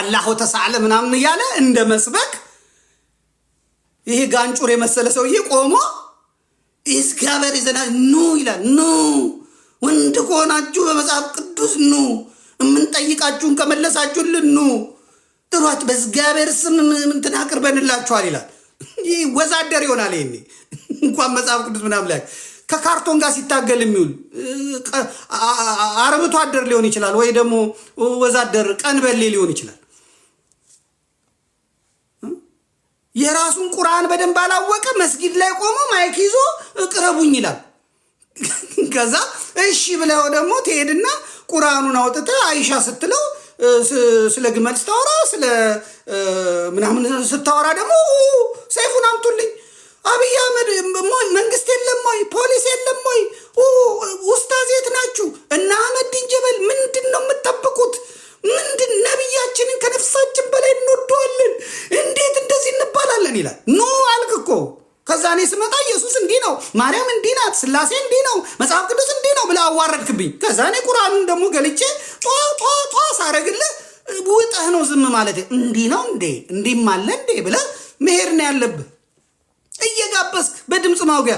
አላሁ ተሳለ ምናምን እያለ እንደ መስበክ ይሄ ጋንጩር የመሰለ ሰውዬ ቆሞ እግዚአብሔር ይዘና ኑ ይላል። ኑ ወንድ ከሆናችሁ በመጽሐፍ ቅዱስ ኑ፣ የምንጠይቃችሁን ከመለሳችሁልን ኑ ጥሯች በእግዚአብሔር ስም እንትን አቅርበንላችኋል ይላል። ይህ ወዛደር ይሆናል። ይሄኔ እንኳን መጽሐፍ ቅዱስ ምናምን ላይ ከካርቶን ጋር ሲታገል የሚውል አርብቶ አደር ሊሆን ይችላል፣ ወይ ደግሞ ወዛደር ቀንበሌ ሊሆን ይችላል። የራሱን ቁርአን በደንብ አላወቀ። መስጊድ ላይ ቆሞ ማይክ ይዞ እቅረቡኝ ይላል። ከዛ እሺ ብለው ደግሞ ትሄድና ቁርአኑን አውጥተ አይሻ ስትለው ስለ ግመል ስታወራ ስለ ምናምን ስታወራ ደግሞ ሰይፉን አምጡልኝ፣ አብይ አህመድ መንግስት የለም ወይ ፖሊስ የለም ወይ ውስታዝ የት ናችሁ? እና አህመድ ድንጀበል ምንድን ነው የምጠብቁት? ምንድን ነቢያችንን ከነፍሳችን በላይ እንወደዋለን፣ እንዴት እንደዚህ እንባላለን ይላል። ኖ አልክ እኮ ከዛ እኔ ስመጣ ኢየሱስ እንዲህ ነው፣ ማርያም እንዲህ ናት፣ ስላሴ እንዲህ ነው፣ መጽሐፍ ቅዱስ እንዲህ ነው ብለህ አዋረድክብኝ። ከዛ እኔ ቁርአኑን ደግሞ ገልጬ ጧ ሳረግልህ ውጠህ ነው ዝም ማለት እንዲህ ነው እንዴ እንዲህም አለ እንዴ ብለህ መሄድ ነው ያለብህ፣ እየጋበዝክ በድምፅ ማውጊያ።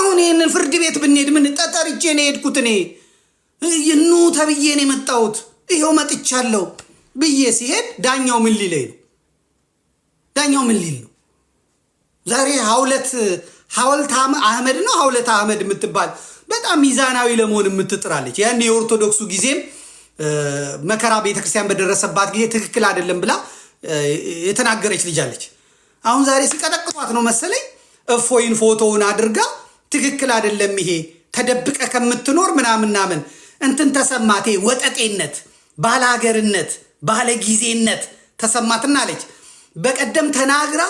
አሁን ይህንን ፍርድ ቤት ብንሄድ ምን ጠጠርቼ ነው የሄድኩት? እኔ ኑ ተብዬ ነው የመጣሁት። ይኸው መጥቻለሁ ብዬ ሲሄድ ዳኛው ምን ሊለይ ነው? ዳኛው ምን ሊል ነው? ዛሬ ሀውለት ሀውልት አህመድ ነው ሀውለት አህመድ የምትባል በጣም ሚዛናዊ ለመሆን የምትጥራለች። ያን የኦርቶዶክሱ ጊዜም መከራ ቤተክርስቲያን በደረሰባት ጊዜ ትክክል አይደለም ብላ የተናገረች ልጃለች አሁን ዛሬ ሲቀጠቅጧት ነው መሰለኝ እፎይን ፎቶውን አድርጋ ትክክል አይደለም ይሄ ተደብቀ ከምትኖር ምናምን ምናምን እንትን ተሰማቴ ወጠጤነት ባለ ሀገርነት፣ ባለ ጊዜነት ተሰማትና አለች። በቀደም ተናግራ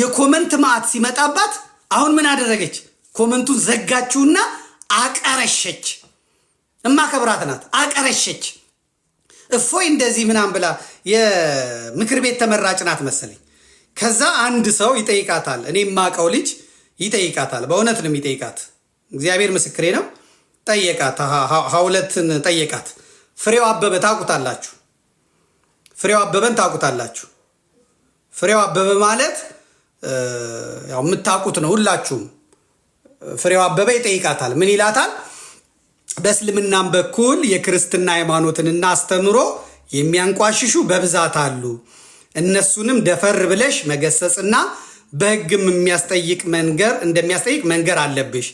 የኮመንት ማዕት ሲመጣባት አሁን ምን አደረገች? ኮመንቱን ዘጋችውና አቀረሸች። እማከብራት ናት። አቀረሸች። እፎይ እንደዚህ ምናምን ብላ የምክር ቤት ተመራጭ ናት መሰለኝ። ከዛ አንድ ሰው ይጠይቃታል። እኔ የማውቀው ልጅ ይጠይቃታል። በእውነት ነው የሚጠይቃት። እግዚአብሔር ምስክሬ ነው። ጠየቃት፣ ሐውለትን ጠየቃት። ፍሬው አበበ ታውቁታላችሁ። ፍሬው አበበን ታውቁታላችሁ። ፍሬው አበበ ማለት ያው የምታውቁት ነው ሁላችሁም። ፍሬው አበበ ይጠይቃታል። ምን ይላታል? በእስልምናም በኩል የክርስትና ሃይማኖትንና አስተምሮ የሚያንቋሽሹ በብዛት አሉ። እነሱንም ደፈር ብለሽ መገሰጽና በሕግም የሚያስጠይቅ መንገር እንደሚያስጠይቅ መንገር አለብሽ።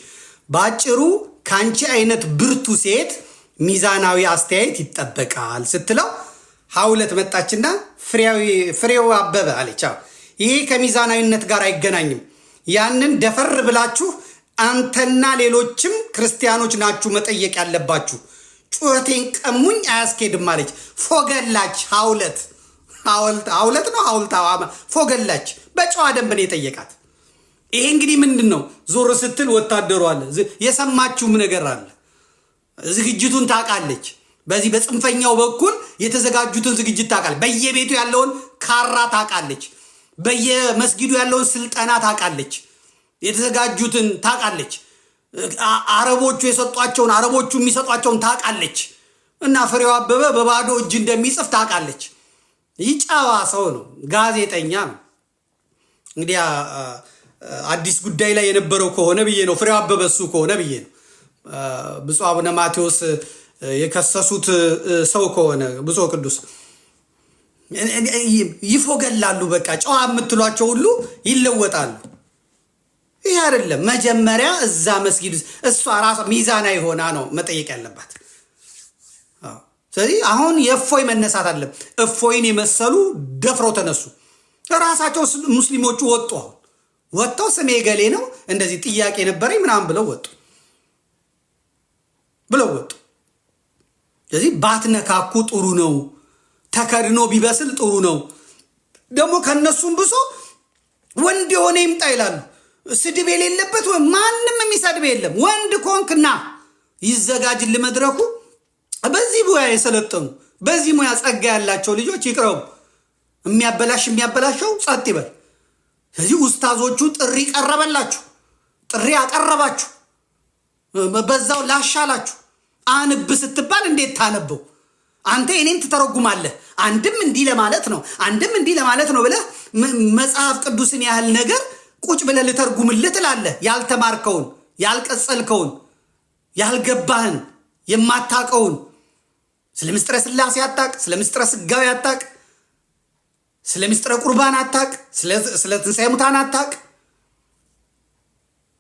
በአጭሩ ከአንቺ አይነት ብርቱ ሴት ሚዛናዊ አስተያየት ይጠበቃል ስትለው ሀውለት መጣችና ፍሬው አበበ አለች። ይሄ ከሚዛናዊነት ጋር አይገናኝም። ያንን ደፈር ብላችሁ አንተና ሌሎችም ክርስቲያኖች ናችሁ መጠየቅ ያለባችሁ። ጩኸቴን ቀሙኝ አያስኬድም አለች። ፎገላች ሀውለት ሀውለት ነው ሀውልት ፎገላች። በጨዋ ደንብ ነው የጠየቃት። ይሄ እንግዲህ ምንድን ነው? ዞር ስትል ወታደሯ አለ። የሰማችሁም ነገር አለ ዝግጅቱን ታውቃለች። በዚህ በጽንፈኛው በኩል የተዘጋጁትን ዝግጅት ታውቃለች። በየቤቱ ያለውን ካራ ታውቃለች። በየመስጊዱ ያለውን ስልጠና ታውቃለች። የተዘጋጁትን ታውቃለች። አረቦቹ የሰጧቸውን አረቦቹ የሚሰጧቸውን ታውቃለች። እና ፍሬው አበበ በባዶ እጅ እንደሚጽፍ ታውቃለች። ይህ ጨዋ ሰው ነው፣ ጋዜጠኛ ነው። እንግዲህ አዲስ ጉዳይ ላይ የነበረው ከሆነ ብዬ ነው ፍሬው አበበ እሱ ከሆነ ብዬ ነው ብፁ አቡነ ማቴዎስ የከሰሱት ሰው ከሆነ ብፁ ቅዱስ ይፎገላሉ። በቃ ጨዋ የምትሏቸው ሁሉ ይለወጣሉ። ይህ አይደለም። መጀመሪያ እዛ መስጊድ እሷ ራሷ ሚዛና የሆና ነው መጠየቅ ያለባት። ስለዚህ አሁን የእፎይ መነሳት አለም። እፎይን የመሰሉ ደፍረው ተነሱ። ራሳቸው ሙስሊሞቹ ወጡ። አሁን ወጥተው ስሜ ገሌ ነው እንደዚህ ጥያቄ ነበረኝ ምናምን ብለው ወጡ። ብለው ወጡ። ስለዚህ ባትነካኩ ጥሩ ነው። ተከድኖ ቢበስል ጥሩ ነው። ደግሞ ከነሱም ብሶ ወንድ የሆነ ይምጣ ይላሉ። ስድብ የሌለበት ወይም ማንም የሚሰድብ የለም። ወንድ ኮንክና ይዘጋጅ መድረኩ። በዚህ ሙያ የሰለጠኑ በዚህ ሙያ ጸጋ ያላቸው ልጆች ይቅረቡ። የሚያበላሽ የሚያበላሸው ጸጥ ይበል። ስለዚህ ኡስታዞቹ ጥሪ ቀረበላችሁ፣ ጥሪ አቀረባችሁ። በዛው ላሻላችሁ አንብ ስትባል እንዴት ታነበው? አንተ እኔን ትተረጉማለህ። አንድም እንዲህ ለማለት ነው፣ አንድም እንዲህ ለማለት ነው ብለህ መጽሐፍ ቅዱስን ያህል ነገር ቁጭ ብለህ ልተርጉምልህ ትላለህ። ያልተማርከውን፣ ያልቀጸልከውን፣ ያልገባህን፣ የማታቀውን ስለ ምስጢረ ስላሴ አታቅ፣ ስለ ምስጢረ ስጋዊ አታቅ፣ ስለ ምስጢረ ቁርባን አታቅ፣ ስለ ትንሣኤ ሙታን አታቅ።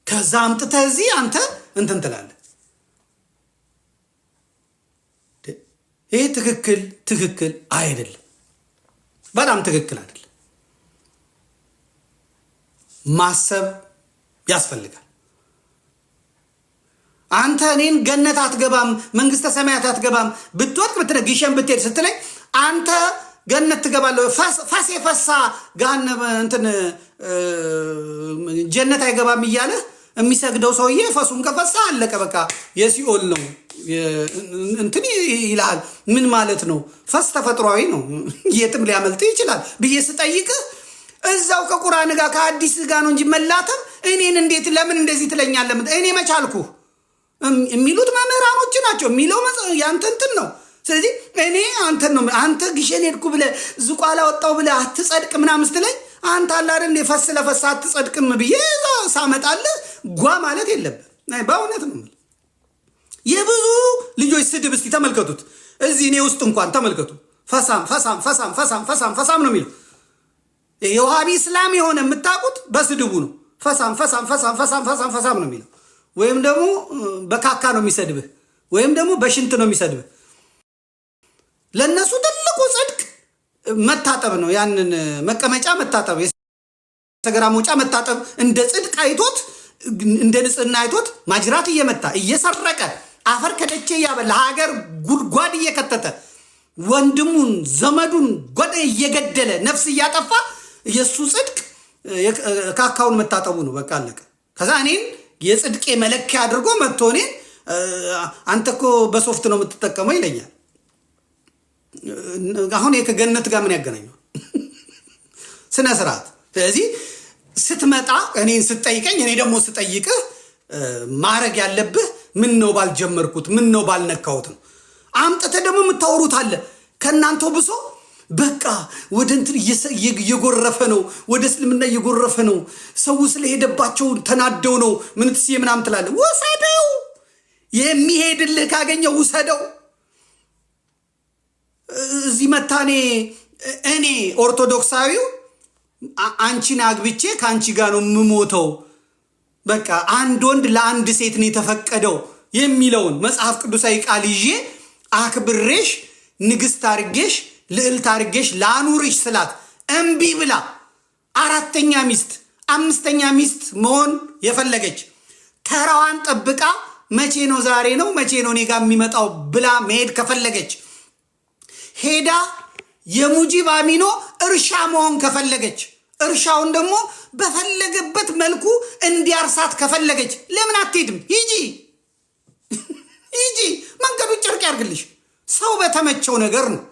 ከዛ አምጥተህ እዚህ አንተ እንትን ትላለህ። ይህ ትክክል ትክክል አይደለም፣ በጣም ትክክል አይደለም። ማሰብ ያስፈልጋል። አንተ እኔን ገነት አትገባም፣ መንግስተ ሰማያት አትገባም፣ ብትወድቅ ብትነ ጊሸን ብትሄድ ስትለኝ አንተ ገነት ትገባለህ፣ ፋሴ ፈሳ ጋነ እንትን ጀነት አይገባም እያለህ የሚሰግደው ሰውዬ ፈሱን ከፈሳ አለቀ በቃ የሲኦል ነው እንትን ይልሃል። ምን ማለት ነው? ፈስ ተፈጥሯዊ ነው፣ የትም ሊያመልጥ ይችላል ብዬ ስጠይቅህ እዛው ከቁርአን ጋር ከአዲስ ጋር ነው እንጂ መላተም እኔን እንዴት ለምን እንደዚህ ትለኛለህ? እኔ መቻልኩ የሚሉት መምህራኖች ናቸው የሚለው ያንተ እንትን ነው። ስለዚህ እኔ አንተን ነው አንተ ግሸን ሄድኩ ብለህ ዝቋላ ወጣው ብለህ አትጸድቅ ምናምን ስትለኝ አንተ አለ አይደል ፈስ ለፈስ አትጸድቅም ብዬ ሳመጣልህ ጓ ማለት የለብህ። በእውነት ነው የብዙ ልጆች ስድብ እስቲ ተመልከቱት። እዚህ እኔ ውስጥ እንኳን ተመልከቱ። ፈሳም ፈሳም ፈሳም ፈሳም ፈሳም ፈሳም ነው የሚለው የውሃቢ እስላም የሆነ የምታውቁት በስድቡ ነው። ፈሳም ፈሳም ፈሳም ፈሳም ፈሳም ፈሳም ነው የሚለው ወይም ደግሞ በካካ ነው የሚሰድብህ ወይም ደግሞ በሽንት ነው የሚሰድብህ ለእነሱ መታጠብ ነው። ያንን መቀመጫ መታጠብ፣ የሰገራ መውጫ መታጠብ እንደ ጽድቅ አይቶት እንደ ንጽህና አይቶት ማጅራት እየመታ እየሰረቀ አፈር ከደቼ እያበላ ሀገር ጉድጓድ እየከተተ ወንድሙን ዘመዱን ጎደ እየገደለ ነፍስ እያጠፋ የእሱ ጽድቅ ካካውን መታጠቡ ነው። በቃ አለቀ። ከዛ እኔን የጽድቄ መለኪያ አድርጎ መጥቶ እኔን አንተ እኮ በሶፍት ነው የምትጠቀመው ይለኛል። አሁን ከገነት ጋር ምን ያገናኘው? ስነ ስርዓት። ስለዚህ ስትመጣ እኔን ስትጠይቀኝ፣ እኔ ደግሞ ስጠይቅህ ማድረግ ያለብህ ምን ነው ባልጀመርኩት፣ ምን ነው ባልነካሁት ነው። አምጥተህ ደግሞ የምታወሩት አለ ከእናንተው ብሶ በቃ ወደ እንትን እየጎረፈ ነው፣ ወደ እስልምና እየጎረፈ ነው። ሰው ስለሄደባቸው ተናደው ነው። ምንትስ ምናምን ትላለህ። ውሰደው፣ የሚሄድልህ ካገኘው ውሰደው። መታኔ እኔ ኦርቶዶክሳዊው አንቺን አግብቼ ከአንቺ ጋር ነው የምሞተው፣ በቃ አንድ ወንድ ለአንድ ሴት ነው የተፈቀደው የሚለውን መጽሐፍ ቅዱሳዊ ቃል ይዤ አክብሬሽ ንግስት አርጌሽ ልዕልት አርጌሽ ላኑርሽ ስላት እምቢ ብላ አራተኛ ሚስት አምስተኛ ሚስት መሆን የፈለገች ተራዋን ጠብቃ መቼ ነው ዛሬ ነው መቼ ነው እኔ ጋ የሚመጣው ብላ መሄድ ከፈለገች ሄዳ የሙጂብ አሚኖ እርሻ መሆን ከፈለገች እርሻውን ደግሞ በፈለገበት መልኩ እንዲያርሳት ከፈለገች ለምን አትሄድም? ሂጂ ሂጂ። መንገዱ ጨርቅ ያርግልሽ። ሰው በተመቸው ነገር ነው።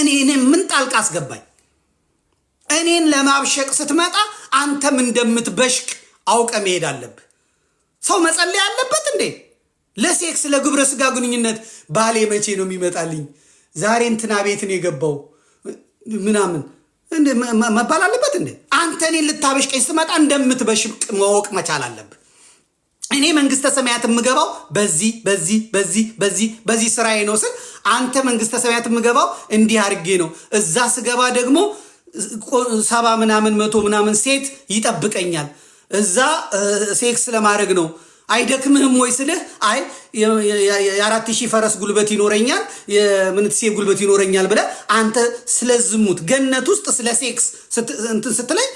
እኔን ምን ጣልቃ አስገባኝ? እኔን ለማብሸቅ ስትመጣ አንተም እንደምትበሽቅ አውቀ መሄድ አለብህ። ሰው መጸለይ አለበት እንዴ? ለሴክስ ለግብረ ስጋ ግንኙነት ባሌ መቼ ነው የሚመጣልኝ ዛሬ እንትና ቤት ነው የገባው ምናምን መባል አለበት እንዴ? አንተ እኔን ልታበሽቀኝ ስትመጣ እንደምትበሽቅ ማወቅ መቻል አለብህ። እኔ መንግስተ ሰማያት የምገባው በዚህ በዚህ በዚህ በዚህ በዚህ ስራዬ ነው ስል አንተ መንግስተ ሰማያት የምገባው እንዲህ አድርጌ ነው። እዛ ስገባ ደግሞ ሰባ ምናምን መቶ ምናምን ሴት ይጠብቀኛል። እዛ ሴክስ ለማድረግ ነው አይደክምህም ወይ ስልህ፣ አይ የአራት ሺህ ፈረስ ጉልበት ይኖረኛል የምንትሴ ጉልበት ይኖረኛል ብለህ አንተ ስለ ዝሙት ገነት ውስጥ ስለ ሴክስ እንትን ስትለኝ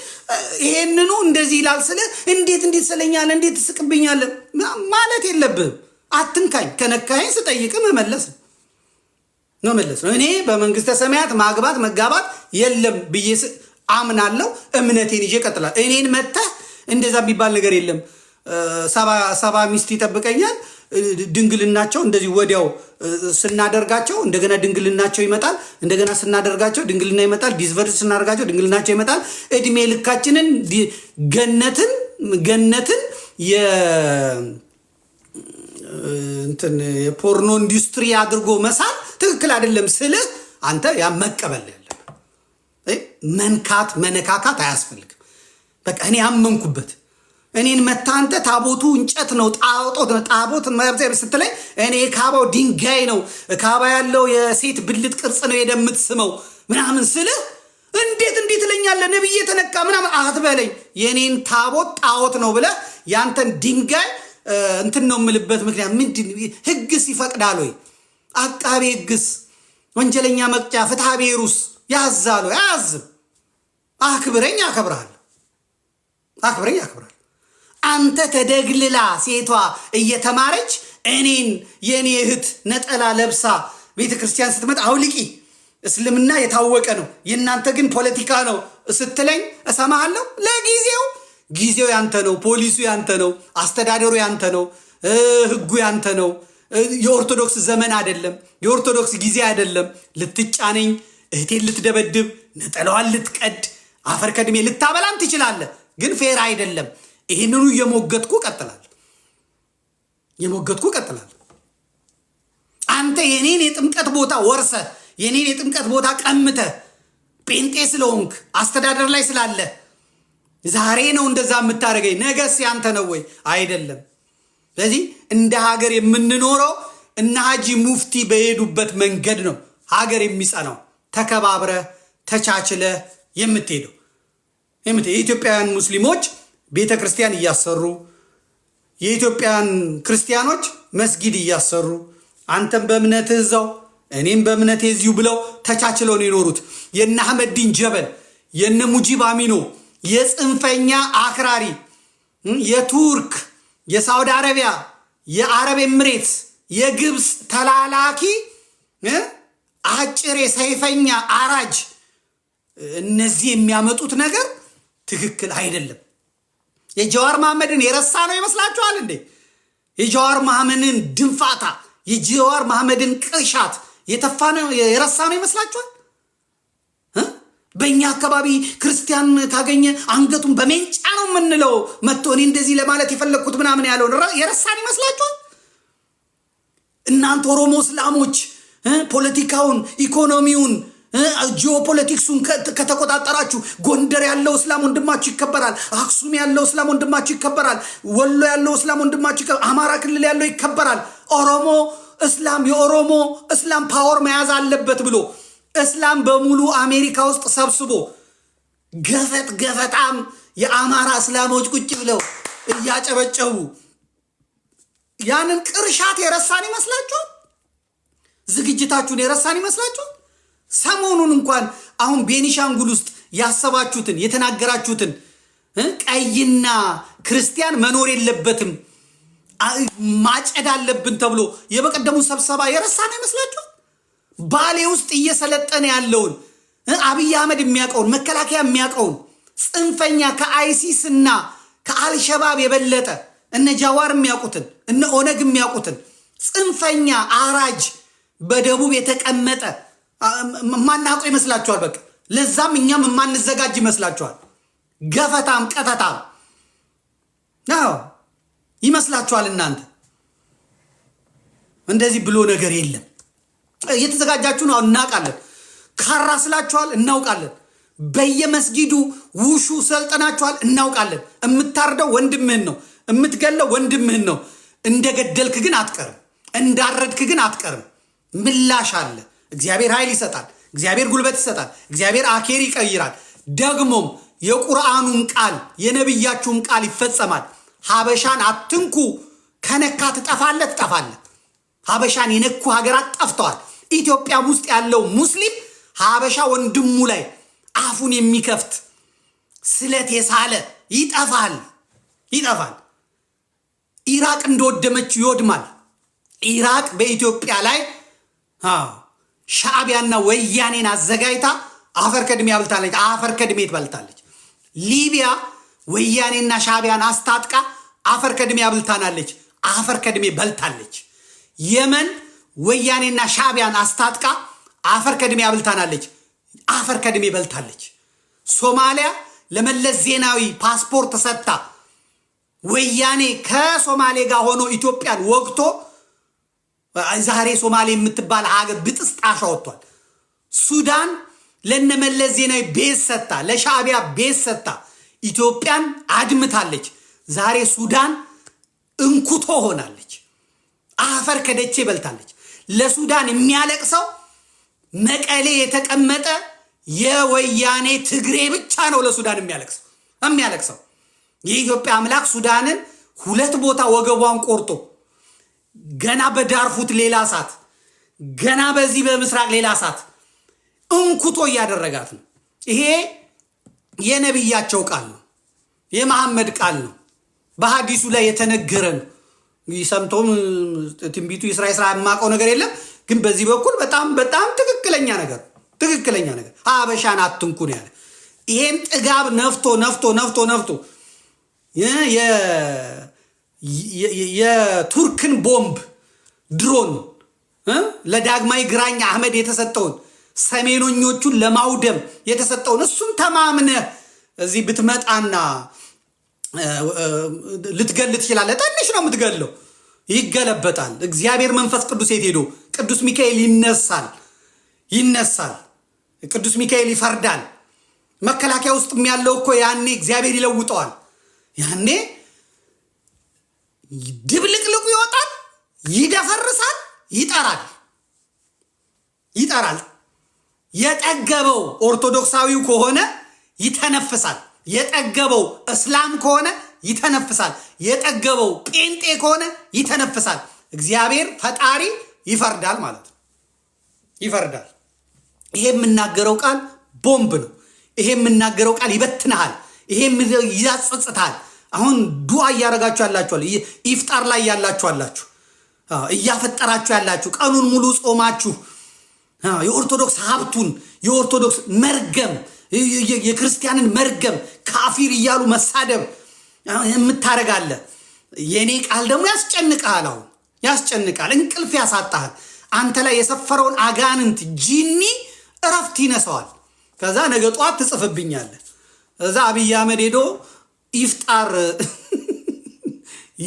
ይሄንኑ እንደዚህ ይላል ስልህ እንዴት እንዴት ስለኛለ እንዴት ትስቅብኛለ ማለት የለብህም። አትንካኝ። ከነካኝ ስጠይቅ መመለስ ነው መለስ ነው። እኔ በመንግስተ ሰማያት ማግባት መጋባት የለም ብዬ አምናለሁ። እምነቴን ይዤ እቀጥላለሁ። እኔን መተህ እንደዛ የሚባል ነገር የለም። ሰባ ሚስት ይጠብቀኛል። ድንግልናቸው እንደዚህ ወዲያው ስናደርጋቸው እንደገና ድንግልናቸው ይመጣል። እንደገና ስናደርጋቸው ድንግልና ይመጣል። ዲስቨርስ ስናደርጋቸው ድንግልናቸው ይመጣል። እድሜ ልካችንን ገነትን ገነትን እንትን የፖርኖ ኢንዱስትሪ አድርጎ መሳል ትክክል አይደለም ስልህ አንተ ያ መቀበል ያለብህ መንካት መነካካት አያስፈልግም። በቃ እኔ አመንኩበት እኔን መታንተ ታቦቱ እንጨት ነው፣ ጣጦት ነው። ታቦት ስትለኝ እኔ ካባው ድንጋይ ነው፣ ካባ ያለው የሴት ብልት ቅርጽ ነው የምትስመው ምናምን ስልህ እንዴት እንዴት ለኛለ ነብይ የተነካ ምናምን አትበለኝ። የኔን ታቦት ጣዖት ነው ብለ ያንተን ድንጋይ እንትን ነው የምልበት ምክንያት ምንድን? ህግስ ይፈቅዳል ወይ? አቃቤ ህግስ ወንጀለኛ መቅጫ ፍትሐ ብሔሩስ ያዛሉ? አያዝም። አክብረኝ፣ አከብርሃለሁ። አክብረኝ፣ አከብርሃለሁ። አንተ ተደግልላ ሴቷ እየተማረች እኔን የእኔ እህት ነጠላ ለብሳ ቤተ ክርስቲያን ስትመጣ አውልቂ እስልምና የታወቀ ነው የእናንተ ግን ፖለቲካ ነው ስትለኝ እሰማሃለሁ። ለጊዜው ጊዜው ያንተ ነው፣ ፖሊሱ ያንተ ነው፣ አስተዳደሩ ያንተ ነው፣ ህጉ ያንተ ነው። የኦርቶዶክስ ዘመን አይደለም፣ የኦርቶዶክስ ጊዜ አይደለም። ልትጫነኝ፣ እህቴን ልትደበድብ፣ ነጠላዋን ልትቀድ፣ አፈር ከድሜ ልታበላም ትችላለህ፣ ግን ፌር አይደለም። ይህንኑ የሞገጥኩ ቀጥላል የሞገጥኩ ቀጥላል። አንተ የኔን የጥምቀት ቦታ ወርሰ የኔን የጥምቀት ቦታ ቀምተ ጴንጤ ስለሆንክ አስተዳደር ላይ ስላለ ዛሬ ነው እንደዛ የምታደርገኝ፣ ነገስ ያንተ ነው ወይ? አይደለም። ስለዚህ እንደ ሀገር የምንኖረው እነ ሀጂ ሙፍቲ በሄዱበት መንገድ ነው። ሀገር የሚጸናው ተከባብረ ተቻችለ የምትሄደው የኢትዮጵያውያን ሙስሊሞች ቤተ ክርስቲያን እያሰሩ የኢትዮጵያን ክርስቲያኖች መስጊድ እያሰሩ አንተም በእምነት እዛው እኔም በእምነት የዚሁ ብለው ተቻችለው ነው የኖሩት። የነ አህመዲን ጀበል የነ ሙጂብ አሚኖ የጽንፈኛ አክራሪ የቱርክ የሳውዲ አረቢያ የአረብ ኤምሬትስ የግብፅ ተላላኪ አጭር የሰይፈኛ አራጅ እነዚህ የሚያመጡት ነገር ትክክል አይደለም። የጀዋር መሐመድን የረሳ ነው ይመስላችኋል እንዴ? የጀዋር መሐመድን ድንፋታ፣ የጀዋር መሐመድን ቅርሻት የተፋ ነው የረሳ ነው ይመስላችኋል? በእኛ አካባቢ ክርስቲያን ካገኘ አንገቱን በሜንጫ ነው የምንለው። መጥቶ እኔ እንደዚህ ለማለት የፈለግኩት ምናምን ያለውን የረሳን ይመስላችኋል? እናንተ ኦሮሞ እስላሞች ፖለቲካውን፣ ኢኮኖሚውን ጂኦፖለቲክሱን ከተቆጣጠራችሁ ጎንደር ያለው እስላም ወንድማችሁ ይከበራል። አክሱም ያለው እስላም ወንድማችሁ ይከበራል። ወሎ ያለው እስላም ወንድማችሁ ይከበራል። አማራ ክልል ያለው ይከበራል። ኦሮሞ እስላም የኦሮሞ እስላም ፓወር መያዝ አለበት ብሎ እስላም በሙሉ አሜሪካ ውስጥ ሰብስቦ ገፈጥ ገፈጣም የአማራ እስላሞች ቁጭ ብለው እያጨበጨቡ ያንን ቅርሻት የረሳን ይመስላችኋል? ዝግጅታችሁን የረሳን ይመስላችኋል? ሰሞኑን እንኳን አሁን ቤኒሻንጉል ውስጥ ያሰባችሁትን የተናገራችሁትን ቀይና ክርስቲያን መኖር የለበትም ማጨድ አለብን ተብሎ የበቀደሙን ስብሰባ የረሳ ይመስላችሁ ባሌ ውስጥ እየሰለጠነ ያለውን አብይ አህመድ የሚያውቀውን መከላከያ የሚያውቀውን ጽንፈኛ ከአይሲስ እና ከአልሸባብ የበለጠ እነ ጃዋር የሚያውቁትን እነ ኦነግ የሚያውቁትን ጽንፈኛ አራጅ በደቡብ የተቀመጠ ማናውቀው ይመስላችኋል። በቃ ለዛም እኛም የማንዘጋጅ ይመስላችኋል። ገፈታም ቀፈታም ነው ይመስላችኋል እናንተ። እንደዚህ ብሎ ነገር የለም። እየተዘጋጃችሁ ነው እናውቃለን። ካራ ስላችኋል እናውቃለን። በየመስጊዱ ውሹ ሰልጠናችኋል እናውቃለን። የምታርደው ወንድምህን ነው፣ የምትገለው ወንድምህን ነው። እንደገደልክ ግን አትቀርም፣ እንዳረድክ ግን አትቀርም። ምላሽ አለ። እግዚአብሔር ኃይል ይሰጣል። እግዚአብሔር ጉልበት ይሰጣል። እግዚአብሔር አኬር ይቀይራል። ደግሞም የቁርአኑም ቃል የነቢያችሁም ቃል ይፈጸማል። ሀበሻን አትንኩ፣ ከነካ ትጠፋለ ትጠፋለ ሀበሻን የነኩ ሀገራት ጠፍተዋል። ኢትዮጵያ ውስጥ ያለው ሙስሊም ሀበሻ ወንድሙ ላይ አፉን የሚከፍት ስለት የሳለ ይጠፋል፣ ይጠፋል። ኢራቅ እንደወደመችው ይወድማል። ኢራቅ በኢትዮጵያ ላይ ሻዕቢያና ወያኔን አዘጋጅታ አፈር ከድሜ ያብልታለች፣ አፈር ከድሜ ትበልታለች። ሊቢያ ወያኔና ሻዕቢያን አስታጥቃ አፈር ከድሜ ያብልታናለች፣ አፈር ከድሜ በልታለች። የመን ወያኔና ሻዕቢያን አስታጥቃ አፈር ከድሜ ያብልታናለች፣ አፈር ከድሜ በልታለች። ሶማሊያ ለመለስ ዜናዊ ፓስፖርት ሰጥታ ወያኔ ከሶማሌ ጋር ሆኖ ኢትዮጵያን ወቅቶ ዛሬ ሶማሌ የምትባል ሀገር ብጥስጣሻ ወጥቷል። ሱዳን ለነመለስ ዜናዊ ቤት ሰታ፣ ለሻዕቢያ ቤት ሰታ ኢትዮጵያን አድምታለች። ዛሬ ሱዳን እንኩቶ ሆናለች። አፈር ከደቼ በልታለች። ለሱዳን የሚያለቅሰው መቀሌ የተቀመጠ የወያኔ ትግሬ ብቻ ነው። ለሱዳን የሚያለቅሰው የሚያለቅሰው የኢትዮጵያ አምላክ ሱዳንን ሁለት ቦታ ወገቧን ቆርጦ ገና በዳርፉት ሌላ እሳት፣ ገና በዚህ በምስራቅ ሌላ እሳት እንኩቶ እያደረጋት ነው። ይሄ የነቢያቸው ቃል ነው፣ የመሐመድ ቃል ነው፣ በሀዲሱ ላይ የተነገረ ነው። ሰምቶም ትንቢቱ የስራ ስራ የማውቀው ነገር የለም ግን በዚህ በኩል በጣም በጣም ትክክለኛ ነገር ትክክለኛ ነገር አበሻን አትንኩ ነው ያለ። ይሄን ጥጋብ ነፍቶ ነፍቶ ነፍቶ ነፍቶ የቱርክን ቦምብ ድሮን ለዳግማዊ ግራኝ አህመድ የተሰጠውን ሰሜኖኞቹን ለማውደም የተሰጠውን እሱም ተማምነህ እዚህ ብትመጣና ልትገል ትችላለ። ትንሽ ነው የምትገለው፣ ይገለበጣል። እግዚአብሔር መንፈስ ቅዱስ የት ሄዶ ቅዱስ ሚካኤል ይነሳል፣ ይነሳል። ቅዱስ ሚካኤል ይፈርዳል። መከላከያ ውስጥም ያለው እኮ ያኔ እግዚአብሔር ይለውጠዋል ያኔ ድብልቅልቁ ይወጣል፣ ይደፈርሳል፣ ይጠራል ይጠራል። የጠገበው ኦርቶዶክሳዊው ከሆነ ይተነፍሳል። የጠገበው እስላም ከሆነ ይተነፍሳል። የጠገበው ጴንጤ ከሆነ ይተነፍሳል። እግዚአብሔር ፈጣሪ ይፈርዳል ማለት ነው። ይፈርዳል። ይሄ የምናገረው ቃል ቦምብ ነው። ይሄ የምናገረው ቃል ይበትንሃል። ይሄ ያጸጽታል። አሁን ዱዓ እያደረጋችሁ ያላችኋል፣ ኢፍጣር ላይ ያላችሁ አላችሁ፣ እያፈጠራችሁ ያላችሁ፣ ቀኑን ሙሉ ጾማችሁ የኦርቶዶክስ ሀብቱን የኦርቶዶክስ መርገም የክርስቲያንን መርገም ካፊር እያሉ መሳደብ የምታደረጋለ የእኔ ቃል ደግሞ ያስጨንቃል። አሁን ያስጨንቃል፣ እንቅልፍ ያሳጣሃል። አንተ ላይ የሰፈረውን አጋንንት ጂኒ እረፍት ይነሳዋል። ከዛ ነገ ጠዋት ትጽፍብኛለህ። እዛ አብይ አህመድ ሄዶ ኢፍጣር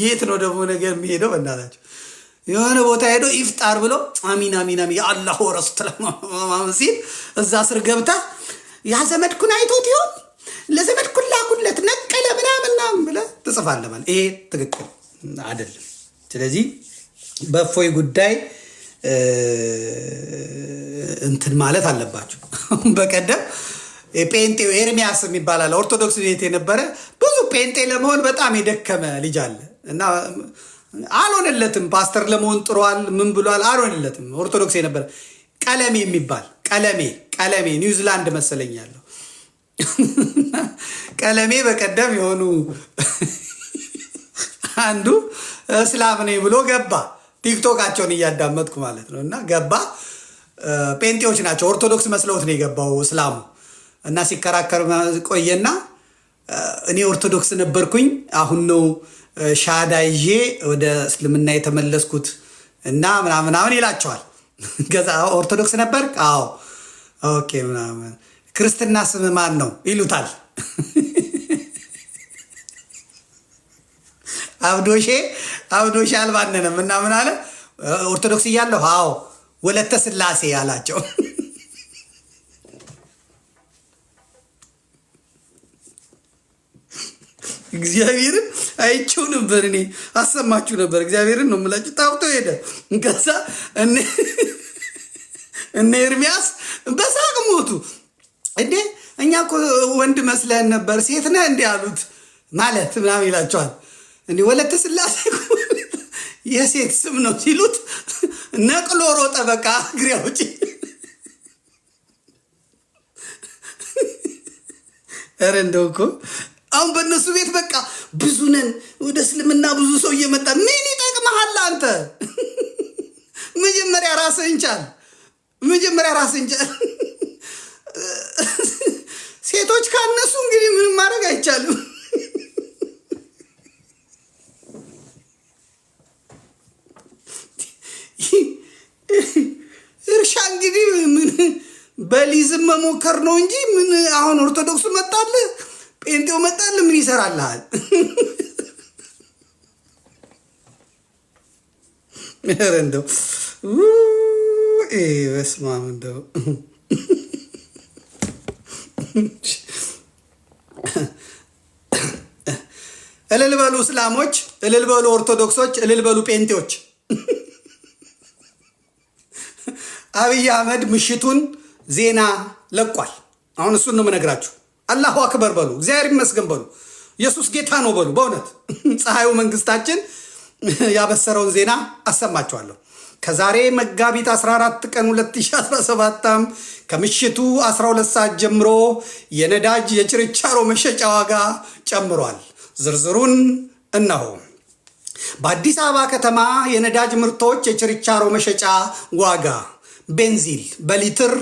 የት ነው ደግሞ ነገር የሚሄደው? በእናታቸው የሆነ ቦታ ሄዶ ኢፍጣር ብሎ አሚን አሚን አሚን የአላሁ ረሱል ሲል እዛ ስር ገብታ ያ ዘመድኩን አይቶት ይሆን ለዘመድኩን ላኩለት ነቀለ ምናምና ብለ ብለህ ማለት ይሄ ትክክል አይደለም። ስለዚህ በእፎይ ጉዳይ እንትን ማለት አለባቸው። በቀደም ጴንጤው ኤርሚያስ የሚባላል ኦርቶዶክስ ቤት የነበረ ጴንጤ ለመሆን በጣም የደከመ ልጅ አለ እና አልሆነለትም። ፓስተር ለመሆን ጥሯል፣ ምን ብሏል፣ አልሆነለትም። ኦርቶዶክስ የነበረ ቀለሜ የሚባል ቀለሜ ቀለሜ ኒውዚላንድ መሰለኝ ያለው ቀለሜ በቀደም የሆኑ አንዱ እስላም ነኝ ብሎ ገባ። ቲክቶካቸውን እያዳመጥኩ ማለት ነው እና ገባ። ጴንጤዎች ናቸው ኦርቶዶክስ መስለውት ነው የገባው እስላሙ እና ሲከራከር ቆየና እኔ ኦርቶዶክስ ነበርኩኝ። አሁን ነው ሻዳ ይዤ ወደ እስልምና የተመለስኩት እና ምናምናምን ይላቸዋል። ገዛ ኦርቶዶክስ ነበር? አዎ ኦኬ ምናምን ክርስትና ስም ማን ነው ይሉታል። አብዶሼ አብዶሼ አልባነንም እና ምን አለ ኦርቶዶክስ እያለሁ አዎ ወለተ ስላሴ አላቸው። እግዚአብሔርን አይቼው ነበር። እኔ አሰማችሁ ነበር። እግዚአብሔርን ነው የምላችሁ። ጣብቶ ሄደ። ከዛ እነ ኤርሚያስ በሳቅ ሞቱ። እንዴ እኛ እኮ ወንድ መስለን ነበር፣ ሴት ነህ እንዲህ አሉት። ማለት ምናምን ይላቸዋል። እንዲ ወለተ ስላሴ የሴት ስም ነው ሲሉት ነቅሎ ሮጠ። በቃ እግሬ አውጪ እንደው እኮ አሁን በእነሱ ቤት በቃ ብዙ ነን፣ ወደ እስልምና ብዙ ሰው እየመጣ ምን ይጠቅመሃል አንተ? መጀመሪያ ራስህን ቻል። መጀመሪያ ራስህን ቻል። ሴቶች ካነሱ እንግዲህ ምንም ማድረግ አይቻልም። እርሻ እንግዲህ ምን በሊዝም መሞከር ነው እንጂ ምን አሁን ኦርቶዶክሱ መጣልህ ጴንጤው መጣል ምን ይሰራልሃል? ኧረ እንደው በስመ አብ እንደው እልል በሉ እስላሞች፣ እልል በሉ ኦርቶዶክሶች፣ እልል በሉ ጴንጤዎች። አብይ አህመድ ምሽቱን ዜና ለቋል። አሁን እሱን ነው የምነግራችሁ። አላሁ አክበር በሉ፣ እግዚአብሔር ይመስገን በሉ፣ ኢየሱስ ጌታ ነው በሉ። በእውነት ፀሐዩ መንግስታችን ያበሰረውን ዜና አሰማችኋለሁ። ከዛሬ መጋቢት 14 ቀን 2017 ዓ.ም ከምሽቱ 12 ሰዓት ጀምሮ የነዳጅ የችርቻሮ መሸጫ ዋጋ ጨምሯል። ዝርዝሩን እነሆ። በአዲስ አበባ ከተማ የነዳጅ ምርቶች የችርቻሮ መሸጫ ዋጋ ቤንዚል በሊትር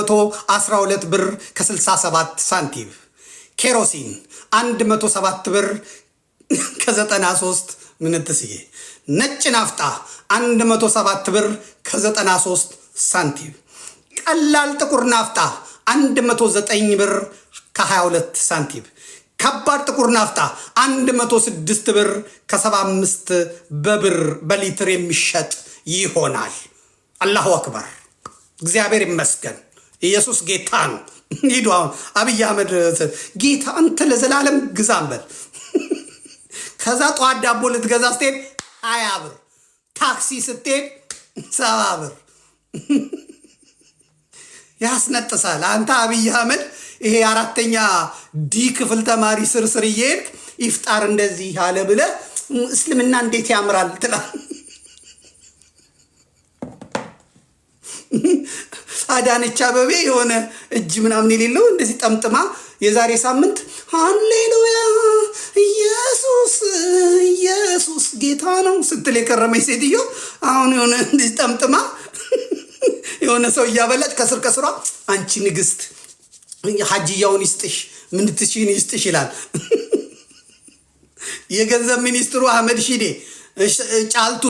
112 ብር ከ67 ሳንቲም፣ ኬሮሲን 107 ብር ከ93 ምንትስዬ፣ ነጭ ናፍጣ 107 ብር ከ93 ሳንቲም፣ ቀላል ጥቁር ናፍጣ 109 ብር ከ22 ሳንቲም ከባድ ጥቁር ናፍጣ 106 ብር ከ75 በብር በሊትር የሚሸጥ ይሆናል። አላሁ አክበር፣ እግዚአብሔር ይመስገን፣ ኢየሱስ ጌታ ነው። ሂዱ አሁን አብይ አህመድ ጌታ አንተ ለዘላለም ግዛ እንበል። ከዛ ጠዋት ዳቦ ልትገዛ ስትሄድ ሀያ ብር፣ ታክሲ ስትሄድ ሰባ ብር ያስነጥሳል። አንተ አብይ አህመድ ይሄ አራተኛ ዲ ክፍል ተማሪ ስርስር እየሄድክ ኢፍጣር እንደዚህ አለ ብለህ እስልምና እንዴት ያምራል ትላል። አዳነች አበቤ የሆነ እጅ ምናምን የሌለው እንደዚህ ጠምጥማ የዛሬ ሳምንት ሃሌሉያ ኢየሱስ ኢየሱስ ጌታ ነው ስትል የከረመች ሴትዮ አሁን የሆነ እንደዚህ ጠምጥማ የሆነ ሰው እያበላች ከስር ከስሯ አንቺ ንግስት ሀጅያውን ይስጥሽ ምንትሽን ይስጥሽ ይላል የገንዘብ ሚኒስትሩ አህመድ ሺዴ ጫልቱ